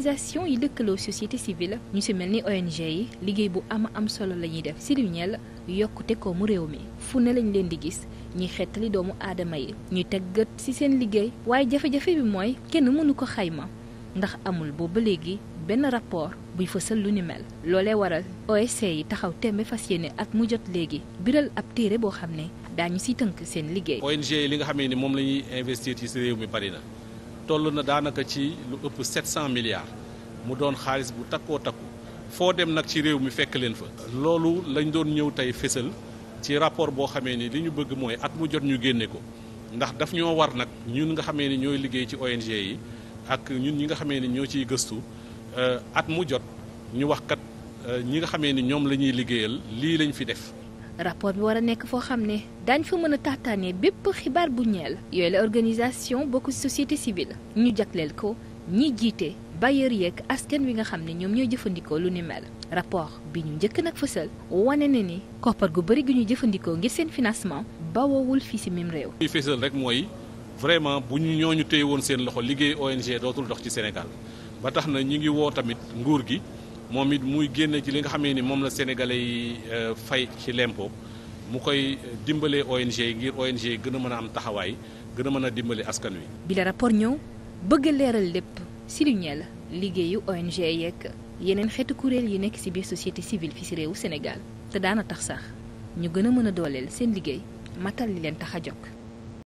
organisation yi lëkkaloo société civile ñu si mel ni ONG yi liggéey bu am am solo la ñuy def si lu ñeel yokkute mu réew mi fu ne lañ leen di gis ñuy xettali doomu aadama yi ñuy gët si seen liggéey waaye jafe-jafe bi mooy kenn mënu ko xayma ndax amul booba léegi benn rapport buy fësal lu ni mel loolee waral OSC yi taxaw tembe fas yéene at mu jot léegi biral ab téere boo xam ne daañu si tënk seen liggéey. ONG yi li nga xam ne moom la ñuy toll na daanaka ci lu ëpp 700 milliards mu doon xaalis bu takkoo takku foo dem nag ci réew mi fekk leen fa. loolu lañ doon ñëw tey fésal ci rapport boo xamee ni li ñu bëgg mooy at mu jot ñu génne ko ndax daf ñoo war nag ñun nga xamee ni ñooy liggéey ci ONG yi ak ñun ñi nga xamee ni ñoo ciy gëstu euh, at mu jot ñu wax kat euh, ñi nga xamee ni ñoom la ñuy liggéeyal lii lañu fi def. rapport bi war a nekk foo xam ne daañ fa mën a taataane bépp xibaar bu ñeel yooyu la organisation bokk ci société civile ñu jagleel ko ñi jiite bailleur yeeg askan wi nga xam ne ñoom ñooy jëfandikoo lu ni mel rapport bi ñu njëkk nag fësal wane na ni koppar gu bëri gi ñu jëfandikoo ngir seen financement wowul fii ci même réew. li fësal rek mooy vraiment bu ñu ñooñu téye woon seen loxo liggéey ONG dootul dox ci Sénégal ba tax na ñu ngi woo tamit nguur gi. moom it muy génn ci li nga xamee ni moom la sénégalais yi euh, fay ci lempo mu koy dimbalee ONG ngir ONG yi gën a mën a am taxawaay gën a mën a dimbale askan wi. bi la rapport ñëw bëgg leeral lépp si lu ñeel liggéeyu ONG yeeg yeneen xeetu kuréel yi nekk si biir société civile fi si réewu Sénégal te daana tax sax ñu gën a mën a dooleel seen liggéey matal li leen tax a jokk.